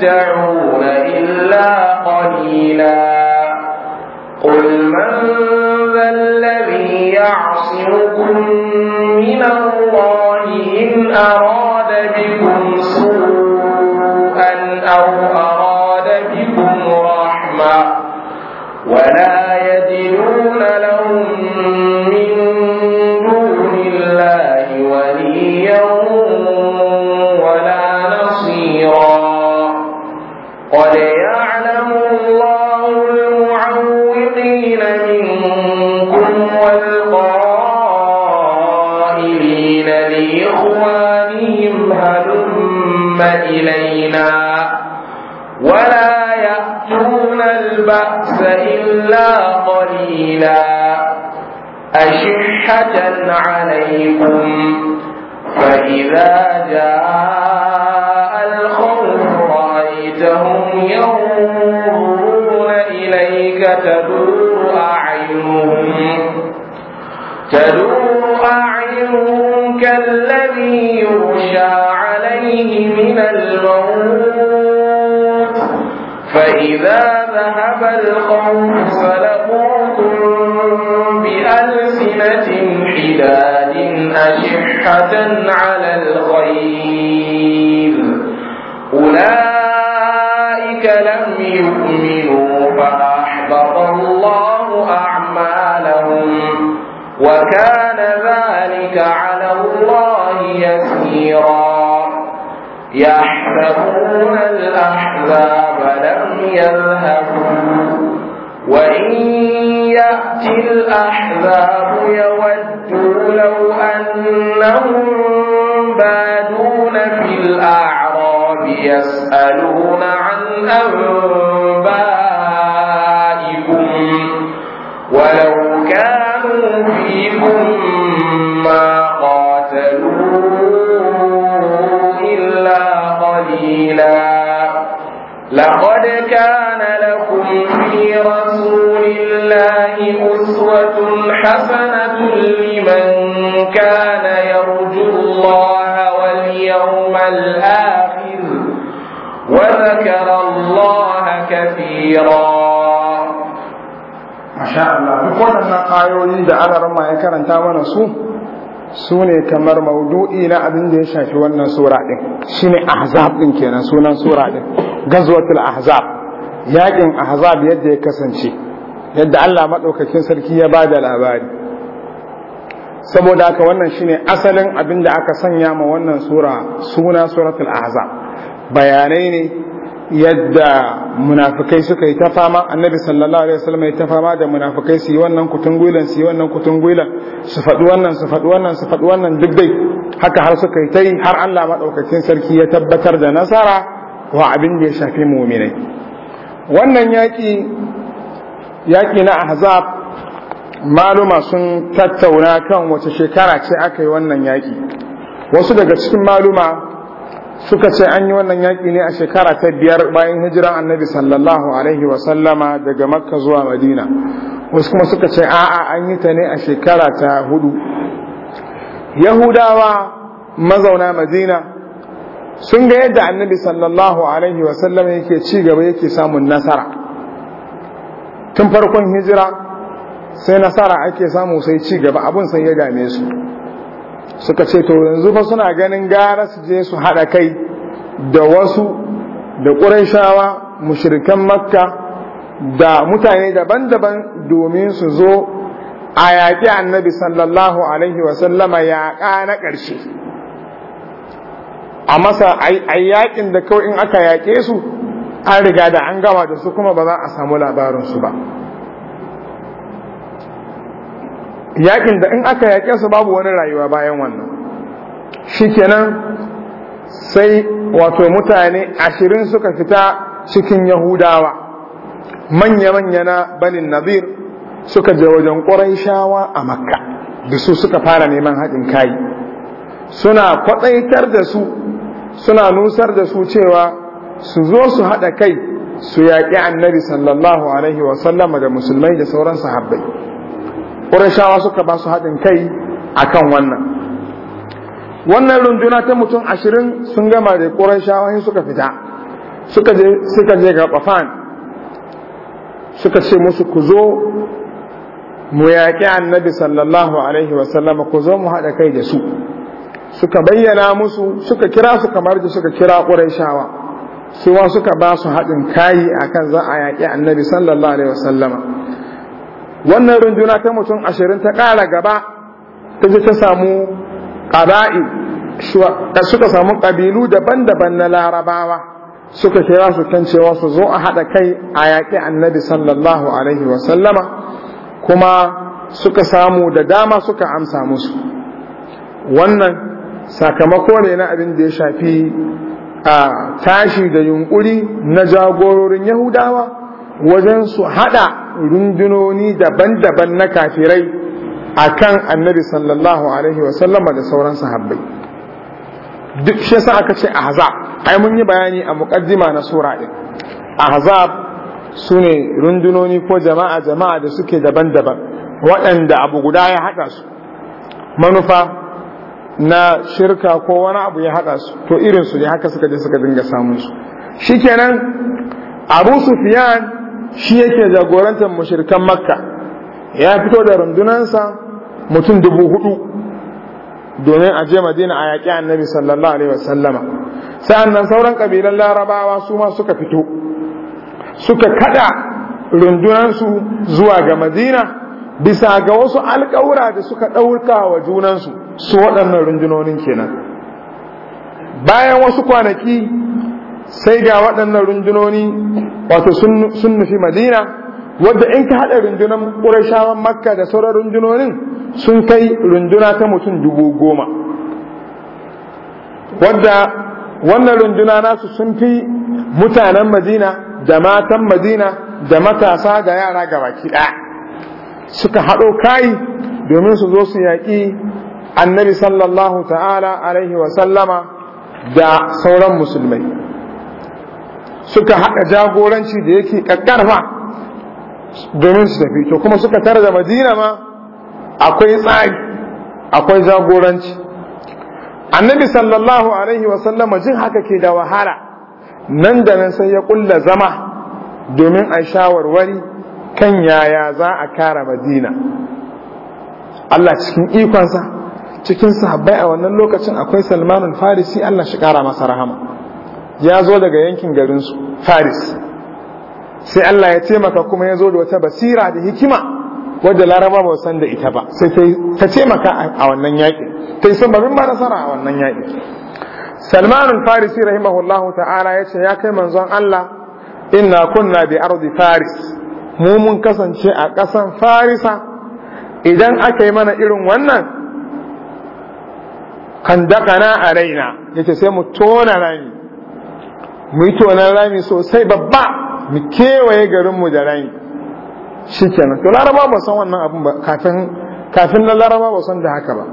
تمتعون إلا قليلا قل من ذا الذي يعصمكم من الله إن أراد بكم سوءا أو أراد بكم رحمة ولا يدلون لهم البأس إلا قليلا أشحة عليكم فإذا جاء الخوف رأيتهم ينظرون إليك تدور أعينهم تدور أعينهم كالذي يغشى عليه من الموت فإذا ذهب القوم فلقوكم بألسنة حداد أشحة على الخير أولئك لم يؤمنوا فأحبط الله أعمالهم وكان ذلك على الله يسيرا يحسبون الأحزاب لم يذهبوا وإن يأتي الأحزاب يودوا لو أنهم بادون في الأعراب يسألون عن أنبائكم ولو كانوا فيكم لقد كان لكم في رسول الله أسوة حسنة لمن كان يرجو الله واليوم الآخر وذكر الله كثيرا ما شاء الله بقول أن آيوين دعا رمى يكرن تاوانا سوء su ne kamar maudu'i na abin da ya shafi wannan sura ɗin shi ne ahzab ɗin kenan sunan sura ɗin gazwatul ahzab yaƙin ahzab yadda ya kasance yadda Allah maɗaukakin sarki ya ba da labari saboda haka wannan shi ne asalin abin da aka sanya ma wannan sura suna suratul ahzab bayanai ne yadda munafikai suka yi ta fama annabi sallallahu alaihi wasallam ya ta fama da munafikai su yi wannan kutungulan su yi wannan kutungulan su faɗi wannan su faɗi wannan su faɗi wannan duk dai haka har suka yi ta yi har Allah madaukakin sarki ya tabbatar da nasara wa abin da ya shafi mu'minai wannan yaki yaki na ahzab maluma sun tattauna kan wace shekara ce aka yi wannan yaki wasu daga cikin maluma suka ce an yi wannan yaƙi ne a shekara ta biyar bayan hijira annabi sallallahu alaihi wasallama daga makka zuwa madina wasu kuma suka ce a'a an yi ta ne a shekara ta hudu yahudawa mazauna madina sun ga yadda annabi sallallahu alaihi wasallama yake ci gaba yake samun nasara tun farkon hijira sai nasara ake samu sai ci gaba abun sai ya game su suka ce to yanzu fa suna ganin gara su je su haɗa kai da wasu da shawa mushirikan makka da mutane daban-daban domin su zo a yaƙi annabi sallallahu alaihi wasallama yaƙa na ƙarshe a masa a yaƙin da kawai in aka yaƙe su an riga da an gama da su kuma ba za a samu labarinsu ba yakin da in aka yaƙe su babu wani rayuwa bayan wannan shikenan sai wato mutane ashirin suka fita cikin yahudawa manya-manya na banin nazir suka je wajen ƙurai shawa a makka da su suka fara neman haɗin kayi suna kwaɗaitar da su suna nusar da su cewa su zo su haɗa kai su yaƙi annabi sallallahu alaihi wasallama da musulmai da sauran sahabbai shawa suka ba su haɗin kai a kan wannan wannan runduna ta mutum ashirin sun gama da ƙurashawa suka fita suka je suka je ga ƙafan suka ce musu ku zo mu yaƙi annabi sallallahu alaihi wasallama ku zo mu haɗa kai da su suka bayyana musu suka kira su kamar da suka kira ƙuraishawa suwa suka ba su haɗin kayi a kan za a yaƙi annabi sallallahu alaihi wasallama wannan runduna ta mutum ashirin ta ƙara gaba ta je ta samu ƙaba'i suka samu ƙabilu daban-daban na larabawa suka kira su kan cewa su zo a haɗa kai a yaƙi annabi sallallahu alaihi wasallama kuma suka samu da dama suka amsa musu wannan sakamako ne na abin da ya shafi a tashi da yunƙuri na jagororin yahudawa wajen su hada rundunoni daban-daban na kafirai a kan annabi sallallahu alaihi wasallam da sauran sahabbai duk shi sa aka ce ahzab ai mun yi bayani a muqaddima na sura din ahzab sune rundunoni ko jama'a jama'a da suke daban-daban waɗanda abu guda ya haɗa su manufa na shirka ko wani abu ya haɗa su to irin su ne haka suka je suka dinga samun su shikenan Abu Sufyan shi yake jagorantar mashirkan makka ya fito da rundunansa mutum dubu hudu domin a je madina a yaƙi annabi sallallahu alaihi wasallama nan sauran ƙabilan larabawa su ma suka fito suka kada rundunansu zuwa ga madina bisa ga wasu alƙawura da suka ɗauka wa junansu su waɗannan rundunonin kenan bayan wasu kwanaki sai ga waɗannan rundunoni wato sun nufi madina wadda in ka haɗa rundunan ƙurashawan makka da sauran rundunonin sun kai runduna ta mutum dubu goma wadda wannan runduna nasu sun fi mutanen madina da matan madina da matasa da yara ga baki ɗaya suka haɗo kayi domin su zo su yaƙi annabi sallallahu ta'ala alaihi wasallama da sauran musulmai suka haɗa jagoranci da yake ma domin su tafi to kuma suka tara da madina ma akwai tsari akwai jagoranci annabi sallallahu alaihi wasallama jin haka ke da wahala nan da nan sai ya ƙulla zama domin a shawarwari kan yaya za a kara madina Allah cikin ikonsa cikin sahabbai a wannan lokacin akwai salmanin farisi Allah shi kara masa rahama ya zo daga yankin garinsu faris sai Allah ya taimaka kuma ya zo da wata basira da hikima wadda laraba ba san da ita ba sai ta taimaka a wannan yaƙi ta yi son babin ba a wannan yaƙi salman farisi rahimahullahu ta'ala ya ce ya kai manzon Allah inna kunna bi ardi faris mu mun kasance a ƙasan farisa idan aka yi mana irin wannan kan dakana a raina yace sai mu tona rani mu yi tonan rami sosai babba mu kewaye garinmu da rami shi kenan to laraba ba san wannan abin ba kafin na laraba ba san da haka ba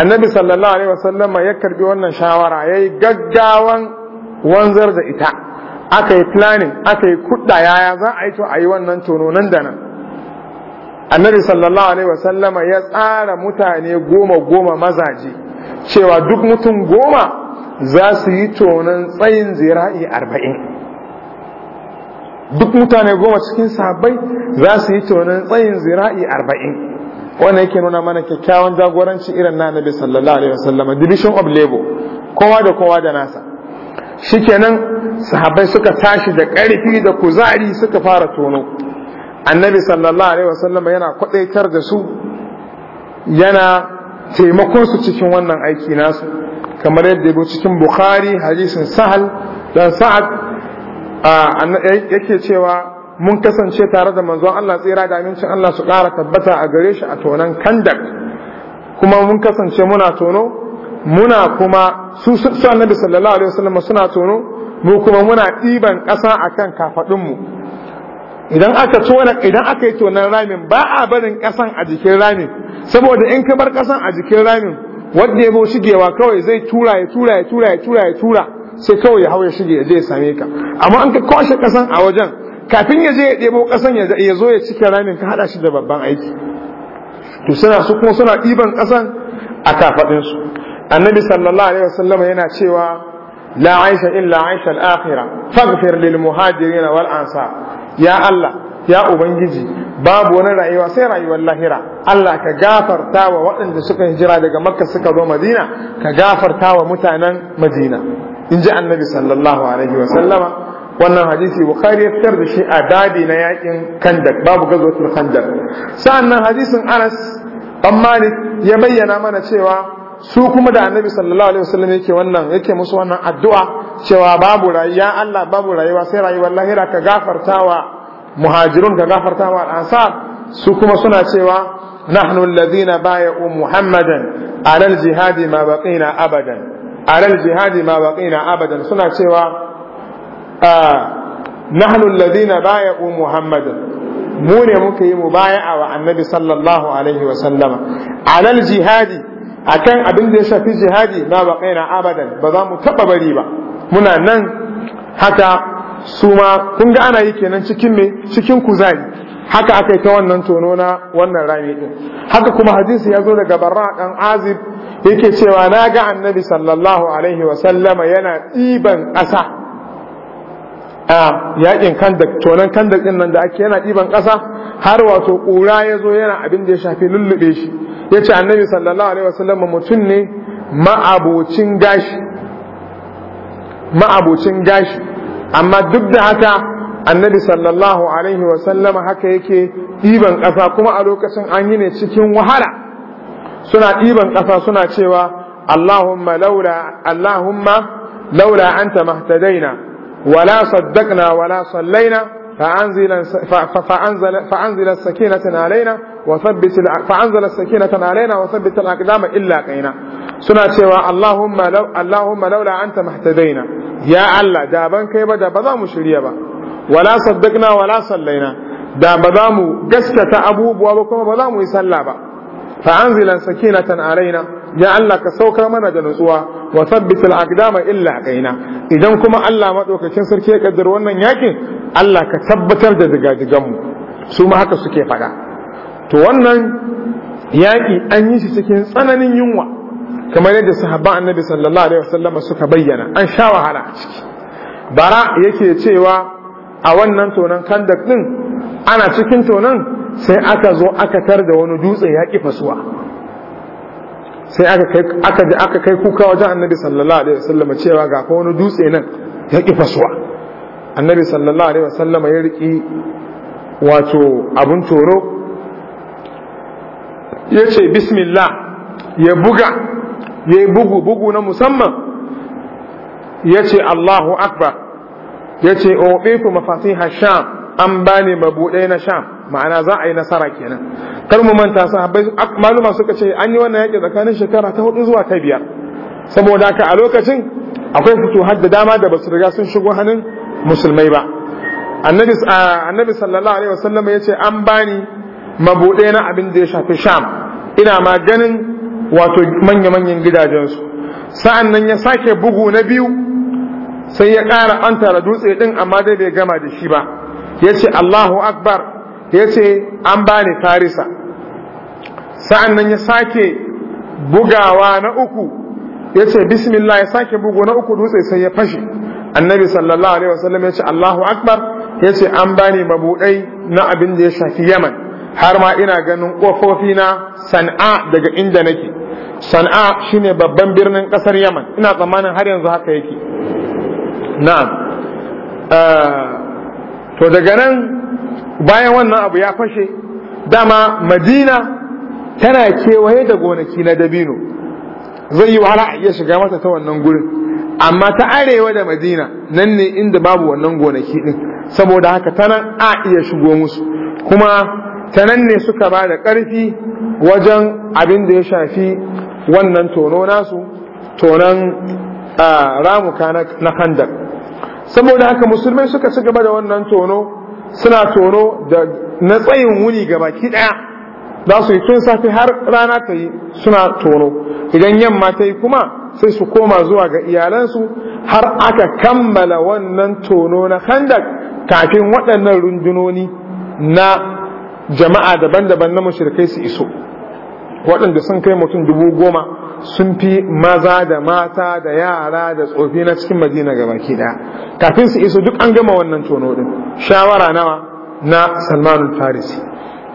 annabi sallallahu alaihi wasallama ya karbi wannan shawara ya yi gaggawan wanzar da ita aka yi planning aka yi kudda yaya za a yi to a yi wannan tono nan da nan annabi sallallahu alaihi wasallama ya tsara mutane goma goma mazaje cewa duk mutum goma za su yi tonon tsayin zira'i arba'in duk mutane goma cikin sabai za su yi tonon tsayin zira'i arba'in wanda yake nuna mana kyakkyawan jagoranci irin na nabi sallallahu alaihi wasallam division of labor kowa da kowa da nasa shikenan sahabbai suka tashi da ƙarfi da kuzari suka fara tono annabi sallallahu alaihi wasallam yana kwadaitar da su yana taimakon su cikin wannan aiki nasu kamar yadda ya cikin bukhari hadisin sahal dan sa'ad yake cewa mun kasance tare da manzon Allah tsira da amincin Allah su ƙara tabbata a gare shi a tonan kandak kuma mun kasance muna tono muna kuma su na annabi sallallahu alaihi wasallam suna tono mu kuma muna ɗiban ƙasa akan kafaɗinmu idan aka tona idan aka yi tonan ramin ba a barin ƙasan a jikin ramin saboda in ka bar ƙasan a jikin ramin wanda ya shigewa kawai zai tura ya tura ya tura ya tura ya tura sai kawai ya hau ya shige ya je ya same ka amma an ka kwashe kasan a wajen kafin ya je ya debo kasan ya zo ya cike ramin ka haɗa shi da babban aiki to suna su kuma suna ɗiban kasan a kafaɗinsu annabi sallallahu alaihi wasallam yana cewa لا عيش إلا عيش الآخرة فاغفر للمهاجرين والأنصار ya Allah, ya Ubangiji. babu wani rayuwa sai rayuwar lahira Allah ka gafarta wa waɗanda suka hijira daga makka suka zo madina ka gafarta wa mutanen madina in ji annabi sallallahu alaihi wa sallama wannan hadisi bukhari ya fitar da shi a dadi na yakin kandak babu gazotul kandak sa'annan hadisin anas dan malik ya bayyana mana cewa su kuma da annabi sallallahu alaihi wasallam yake wannan yake musu wannan addu'a cewa babu rayuwa Allah babu rayuwa sai rayuwar lahira ka gafarta wa. muhajirun ka gafarta wa al'ansar su kuma suna cewa nahnu alladhina bay'u muhammadan ala al-jihad ma baqina abadan ala al-jihad ma baqina abadan suna cewa ah, nahnu alladhina bay'u muhammadan mu ne muka yi mubaya'a wa annabi sallallahu alaihi wa sallama alal jihadi akan abin da ya shafi jihadi ma baqina abadan ba za mu taba bari ba muna nan haka su ma kun ga ana yi kenan cikin me cikin kuzari haka aka yi ta wannan tono na wannan rami din haka kuma hadisi ya zo daga barra dan azib yake cewa na ga annabi sallallahu alaihi wa sallama yana ɗiban ƙasa a yakin tonan tonon da din nan da ake yana ɗiban ƙasa har wato ƙura ya zo yana abin da ya shafi lullube shi yace annabi sallallahu alaihi wa sallama mutum ne ma'abocin gashi ma'abocin gashi amma duk da haka annabi sallallahu alaihi wasallama haka yake ɗiban ƙasa kuma a lokacin an yi ne cikin wahala suna ɗiban ƙasa suna cewa Allahumma laula Allahumma laula anta mahtadaina wala saddaqna wala sallaina فأنزل السكينة علينا وثبت فأنزل السكينة علينا وثبت الأقدام إلا قينا سنة شوى اللهم لو اللهم لولا أنت ما اهتدينا ya Allah da ban kai ba da ba za mu shirya ba wala saddaqna wala sallaina da ba za mu gaskata abubuwa ba kuma ba za mu yi sallah ba fa anzilan sakinatan alaina ya Allah ka saukar mana da nutsuwa wa thabbit al aqdama illa kaina idan kuma Allah madaukakin sarki ya kaddar wannan yakin Allah ka tabbatar da digajigan mu su ma haka suke faɗa to wannan yaki an yi shi cikin tsananin yunwa kamar yadda sahabban annabi sallallahu alaihi wasallam suka bayyana an sha wahala a ciki bara yake cewa a wannan tonan kandak din ana cikin tonan sai aka zo aka tar da wani dutse ya kifa suwa sai aka kai kuka wajen annabi sallallahu alaihi wasallam cewa ga ko wani dutse nan ya kifa suwa annabi sallallahu alaihi wasallam ya riki wato abun toro ya ce bismillah ya buga ya yi bugu bugu na musamman ya ce Allahu Akbar ya ce oɓe ku ha sham an ba ne mabuɗai na sham ma'ana za a yi nasara kenan kar mu manta sahabbai maluma suka ce an yi wannan yake tsakanin shekara ta hudu zuwa ta biyar saboda haka a lokacin akwai fito da dama da basu riga sun shigo hannun musulmai ba annabi sallallahu alaihi wasallam ya ce an bani mabuɗe na abin da ya shafi sham ina ma ganin wato manya-manyan gidajensu sa'an nan ya sake bugu na biyu sai ya ƙara an tara dutse ɗin amma dai bai gama da shi ba ya ce allahu akbar ya ce an ba ni tarisa sa'an nan ya sake bugawa na uku ya ce bismillah ya sake bugu na uku dutse sai ya fashe annabi sallallahu alaihi wasallam ya ce allahu akbar ya ce an ba ni mabuɗai na abin da ya shafi yaman har ma ina ganin ƙofofi na sana'a daga inda nake san'a shine babban birnin kasar yaman ina tsammanin har yanzu haka yake na'am ah, to daga nan bayan wannan abu ya fashe dama madina tana kewaye da gonaki na dabino zai yi wahala iya shiga mata ta wannan gurin amma ta arewa da madina nan ne inda babu wannan gonaki din saboda haka tana a iya shigo musu kuma ta nan ne suka ba da ƙarfi wajen abin da ya shafi wannan tono nasu tonon ramuka na handar saboda haka musulmai suka ci gaba da wannan tono suna tono da na tsayin wuni gaba ɗaya za su yi tun safe har rana ta yi suna tono idan yamma ta yi kuma sai su koma zuwa ga iyalansu har aka kammala wannan tono na handak kafin waɗannan rundunoni na jama'a daban-daban na mashirkai su iso waɗanda sun kai mutum dubu goma sun fi maza da mata da yara da tsofi na cikin madina gaba baki ɗaya kafin su iso duk an gama wannan tono ɗin shawara nawa na salmanul farisi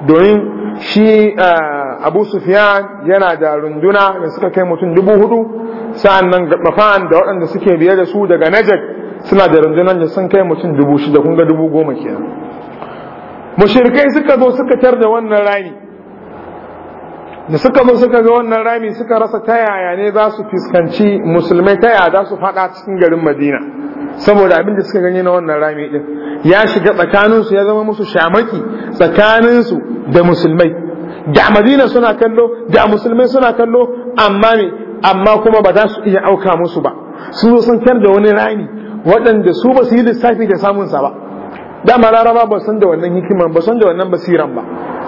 domin shi eh, abu sufyan yana da runduna da suka kai mutum dubu hudu sa'an nan mafan da waɗanda suke biye da su daga najar suna da rundunar da sun kai mutum dubu shida kun ga dubu goma kenan mushrikai suka zo suka tar da wannan rani da suka mun suka ga wannan rami suka rasa ta yaya ne za su fuskanci musulmai ta yaya za su fada cikin garin madina saboda abin da suka gani na wannan rami din ya shiga tsakanin su ya zama musu shamaki tsakaninsu da musulmai da madina suna kallo da musulmai suna kallo amma ne amma kuma ba za su iya auka musu ba sun zo sun kar da wani rami waɗanda su ba su yi lissafi da samun sa ba dama laraba ba san da wannan hikiman ba san da wannan basiran ba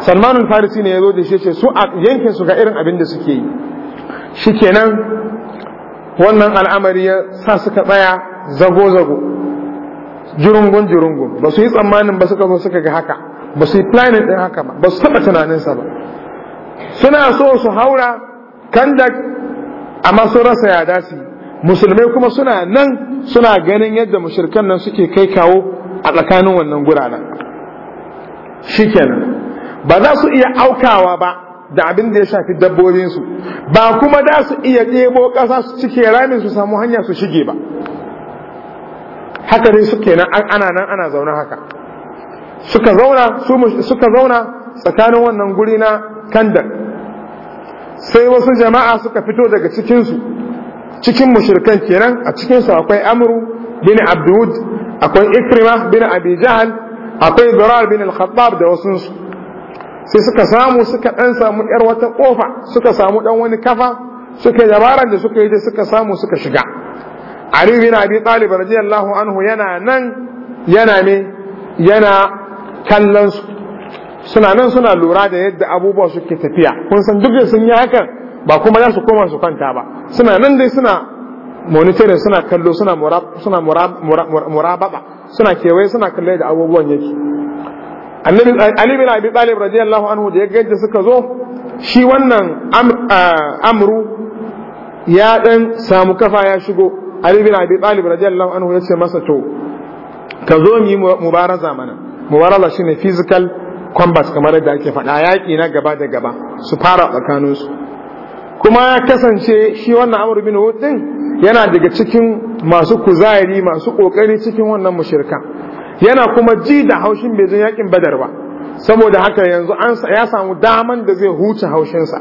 salmanul farisi ne ya zo da shi ce su a yankin su ga irin abin da suke yi shikenan wannan al'amari ya sa suka tsaya zago zago jirungun jirungun. ba su yi tsammanin ba suka zo suka ga haka ba su yi planning din haka ba ba su taba tunanin sa ba suna so su haura da amma sun rasa ya dace musulmai kuma suna nan suna ganin yadda mushrikan nan suke kai kawo a tsakanin wannan gurana kenan ba za su iya aukawa ba da abin da ya shafi dabbobinsu ba kuma za su iya ɗebo ƙasa su cike ramin su samu hanya su shige ba haka dai suke nan ana nan ana zaune haka suka zauna suka zauna tsakanin wannan guri na kandar sai wasu jama'a suka fito daga cikinsu cikin mashirkan kenan a cikinsu akwai amru bin abdud akwai ikrima bin abi jahal akwai durar bin al-khattab da wasunsu sai suka samu suka dan samu yar wata kofa suka samu dan wani kafa suka dabaran da suka yi suka samu suka shiga ali bin abi talib radiyallahu anhu yana nan yana ne yana kallon su suna nan suna lura da yadda abubuwa suke tafiya kun san duk da sun yi hakan ba kuma za su koma su kwanta ba suna nan dai suna monitorin suna kallo suna murababa suna kewaye suna kalle da abubuwan yake Ali bin Abi Talib radiyallahu anhu da ya suka zo shi wannan amru ya dan samu kafa ya shigo Ali bin Abi Talib radiyallahu anhu ya ce masa to ka zo mu yi mubaraza mana mubaraza shine physical combat kamar da ake faɗa yaƙi na gaba da gaba su fara tsakaninsu kuma ya kasance shi wannan amur bin hud yana daga cikin masu kuzari masu kokari cikin wannan mushirka yana kuma ji da haushin bai zan yakin badar ba saboda haka yanzu an ya samu daman da zai huce haushinsa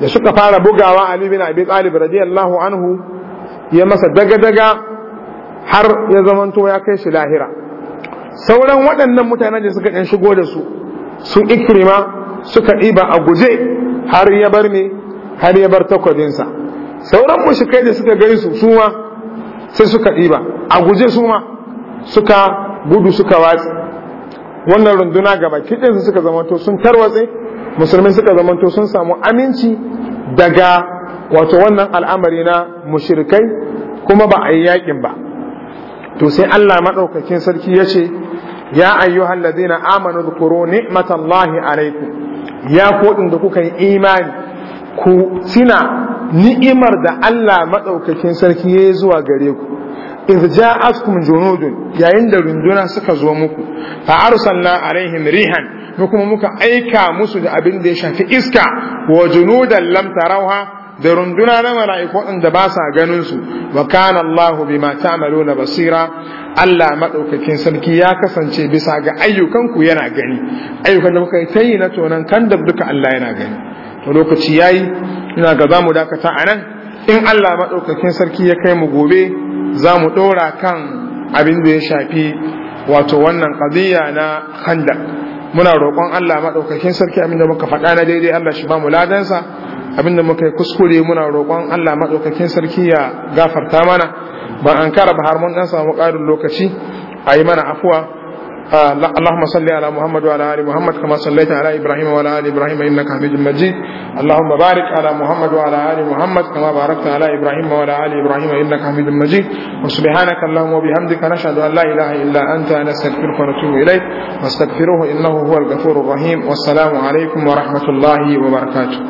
da suka fara bugawa ali bin abi talib radiyallahu anhu ya masa daga daga har ya zamanto ya kai shi lahira sauran waɗannan mutanen da suka ɗan shigo da su sun ikirima suka ɗiba a guje har ya bar me har ya bar takwabinsa sauran mushikai da suka gaisu su ma sai suka ɗiba a guje su ma suka gudu suka watsi wannan runduna gaba kiɗinsu suka zamanto sun tarwatse musulmi suka zamanto sun samu aminci daga wato wannan al'amari na mushirkai kuma ba a yi yakin ba to sai Allah maɗaukakin sarki ya ce ya ayyuhal ladina amanu dhkuru ni'matallahi alaikum ya kodin da kuka yi imani ku suna ni'imar da Allah madaukakin sarki ya yi zuwa gare ku ja askun junudun yayin da runduna suka zo muku fa arsalna alaihim rihan kuma muka aika musu da abin da ya shafi iska wa junudan lam tarawha da runduna na mala'iku da ba sa ganin su wa kana Allahu bima ta'maluna basira Allah madaukakin sarki ya kasance bisa ga ayyukan ku yana gani ayyukan da kuka ta yi na tonan kan da duka Allah yana gani to lokaci yayi ina ga zamu dakata anan in Allah madaukakin sarki ya kai mu gobe zamu ɗora kan abin da ya shafi wato wannan qadiya na handa. muna roƙon Allah maɗaukakin sarki abin da muka faɗa na daidai Allah shi ba mu ladansa abinda muka yi kuskure muna roƙon Allah maɗaukakin sarki ya gafarta mana ba an kara ba har mun dan samu ƙarin lokaci a yi mana afuwa اللهم صل على محمد وعلى ال محمد كما صليت على ابراهيم وعلى ال ابراهيم انك حميد مجيد اللهم بارك على محمد وعلى ال محمد كما باركت على ابراهيم وعلى ال ابراهيم انك حميد مجيد وسبحانك اللهم وبحمدك نشهد ان لا اله الا انت نستغفرك ونتوب اليك واستغفره انه هو الغفور الرحيم والسلام عليكم ورحمه الله وبركاته